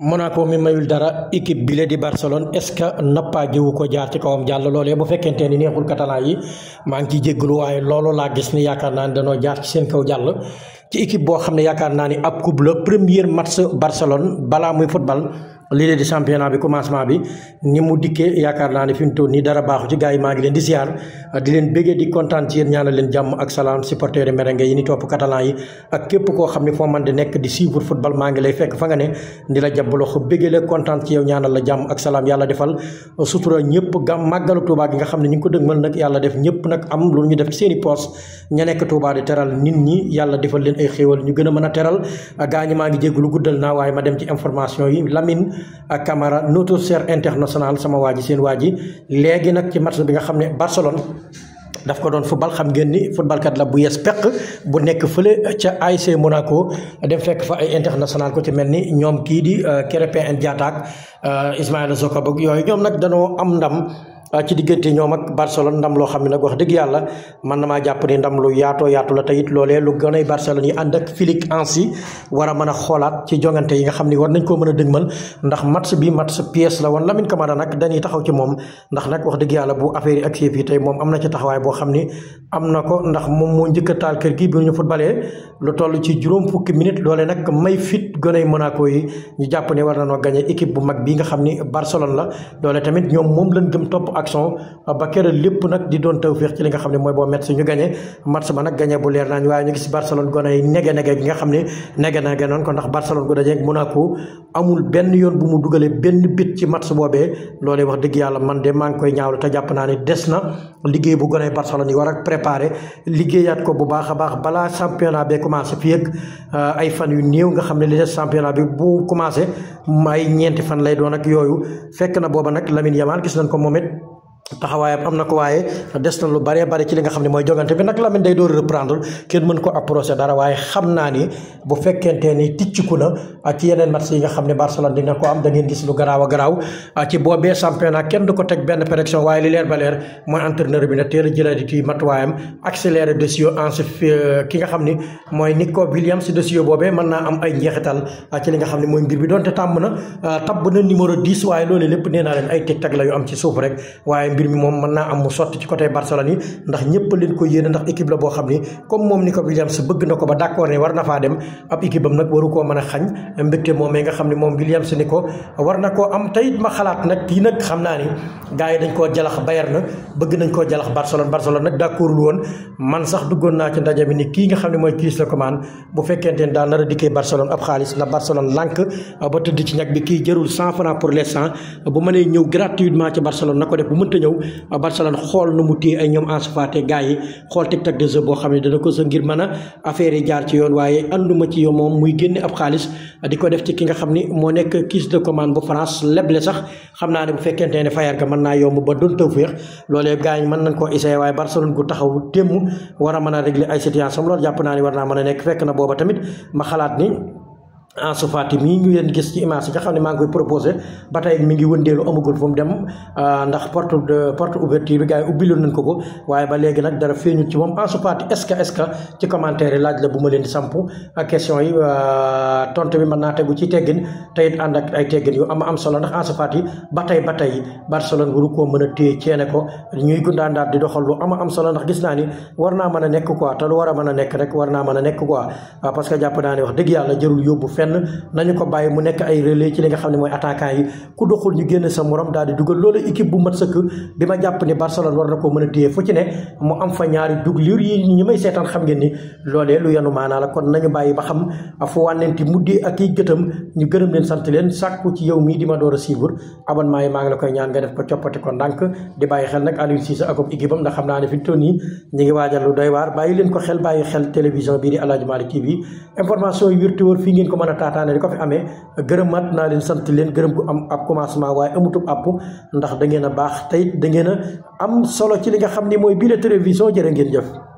Monaco mi mayul dara équipe bile di Barcelone est-ce que nappaajiwu ko jaar ci kawam jàll loolee bu fekkente ni neexul catalan yi maa ngi ciy jégalu waaye loolu laa gis ni yaakaar naa ni danoo jaar ci seen kaw jàll. ci équipe boo xam ne yaakaar naa ni ab coupe la premier match Barcelone balaa muy football. lii di championnat bi commencement bi ni mu dikkee yaakaar naa ne fi mu toll nii dara baaxu ci gars yi maa ngi leen di siyaar di leen bëggee di kontaan ci yéen ñaanal leen jàmm ak salaam supporters yi merengue yi képp koo xam ne foo man di nekk di suivre football ngi lay fekk fa nga ne di la jàpp loxo bëggee la kontaan ci yow ñaanal la jàmm ak salaam yàlla defal uh, sutura ñëpp gam màggalu bi nga xam ne ñu ngi ko dëgmal nag yàlla def ñëpp nag am lu ñu def ci seen ña nekk Touba di teral nit ñi yàlla defal leen ay xéewal ñu gën a mën a teral uh, gars ñi maa ngi jégg lu guddal naa waaye ma dem ci information yi Lamine ak Camara notre cher international sama waa ji seen waa ji léegi nag ci match bi nga xam ne Barcelone daf ko doon football xam ngeen ni footballkat la bu yes peq bu nekk fële ca AS Monaco dem fekk fa ay international ko ci mel ni ñoom kii di euh, Krépin Diatta ak euh, Ismaïla Jakobs yooyu ñoom nag danoo am ndam Ah, ci diggante ñoom Barcelone ndam loo xam ne nag wax dëgg yàlla man na maa jàpp ni ndam lu yaatoo yaatu la tayit loolee lu gën ay Barcelone yi ànd ak Flick Hansi war a mën a xoolaat ci jongante yi nga xam ni war nañ koo mën a dëgmal ndax match bi match pièce la woon Lamine Camara nag dañuy taxaw ci moom ndax nag wax dëgg yàlla bu affaire yi ak chef am na ci taxawaay boo xam ni am na ko ndax moom moo njëkk a taal kër gi bi ñu footballee lu toll ci juróom fukki minutes loole nag may fit gën ay Monaco yi ñu jàpp ne war nañoo gagné équipe bu mag bi nga xam ni Barcelone la loolee tamit ñoom moom lañ gëm topp action ba keroog lépp nag di doon tawféex ci li nga xam ne mooy boo match ñu gagné match ba nag gagné bu leer nañ waaye ñu gis Barcelone gone yi nege nege gi nga xam ne nege nege noonu ko ndax Barcelone gu dajeeg Monaco amul benn yoon bu mu dugalee benn bit ci match boobee loolee wax dëgg yàlla man de maa ngi koy ñaawlu te jàpp naa ne des na liggéey bu gone Barcelone yi war a préparé liggéeyaat ko bu baax a baax balaa championnat bi commencé fii ak euh, ay fan yu néew nga xam ne li des championnat bi bu commencé may ñeenti fan lay doon ak yooyu fekk na booba nag Lamine Yamal gis nañ ko moom taxawaayam am na ko waaye des na lu bëree bëri ci li nga xam ne mooy jogante bi nag Lamine day door reprendre kenn mën ko approché dara waaye xam naa ni bu fekkente ni ticciku na ci yeneen match yi nga xam ne Barcelone dina ko am da gis lu garaaw a garaaw ci boobee kenn du ko teg benn prédiction waaye li leer ba leer mooy bi na teel a jëlaat ci matuwaayam accéléré dossier en euh, ki nga xam ni mooy Nico Williams si dossier boobee mën naa am ay njeexital ci li nga xam ne mooy mbir bi donte tàmm na euh, tabb na numéro 10 waaye loolu lépp nee naa leen ay teg-teg la yu am ci suuf rek mbir mi moom mën naa am mu sotti ci côté Barcelone yi ndax ñëpp leen yéene ndax équipe la boo xam ni comme moom ni ko Williams bëgg na ko ba d'accord ne war na faa dem ab équipe am nag waru koo mën a xañ mbégte moom nga xam ne man a xaalis la Barcelone lànk ba tëdd ci ñag bi kii jërul cent francs pour l'instant bu mënee ñëw gratuitement ci Barcelone na ko def bu mënta ñëw ñëw Barcelone xool nu mu téye ay ñoom Ansu Fati gars yi xool teg-teg de jeu boo xam ne dana ko sa ngir mën a affaire yi jaar ci yoon waaye anduma ci yow moom muy génne ab xaalis di ko def ci ki nga xam ni moo nekk kiis de commande bu France leble sax xam naa ne bu fekkente ne fayar ga mën naa yomb ba doon taw féex loolee gars yi mën nañ koo essayé waaye Barcelone gu taxaw démb war a mën a régler ay situation loolu jàpp naa ni war naa mën a nekk fekk na booba tamit ma xalaat ni Ansu Fati mii ñu leen gis ci image yi nga xam ne maa ngi koy proposé ba tey mi ngi wëndeelu amagul euh, bi gars yi ubbiloon ko ko waaye ba léegi nag dara feeñu ci moom Ansu Fati est que que ci commentaire yi laaj leen di samp question yi euh, bi mën naa tegu ci teggin te it ànd ak ay yu am am solo ndax Ansu Fati ba tey ba tey Barcelone waru mën a téye ceene ko ñuy gundaandaat di doxal lu am am solo ndax gis naa ni war naa mën a nekk quoi te lu war a mën a nekk rek war naa mën a nekk quoi parce que jàpp naa wax dëgg yàlla jërul yóbbu fenn nañu ko bàyyi mu nekk ay relais ci li nga xam ne mooy attaquant yi ku doxul ñu génn sa morom daal di dugal loolu équipe bu mat sëkk bi ma jàpp ni Barcelone war na koo mën a téye fu ci ne a suivre abonnement yi ko coppati ko ndànk di bàyyi xel ndax xam naa ne fi mu toll ñu ngi waajal lu doy waar bàyyi leen ko xel bàyyi xel télévision bii di Aladji TV information yi fii ngeen ko mën a taataane di ko fi amee gërëmaat naa leen sant leen gërëm gu am ab commencement waaye amutub àpp ndax da ngeen a baax tey da ngeen a am solo ci li nga xam ni mooy bii la télévision jërë ngeen jëf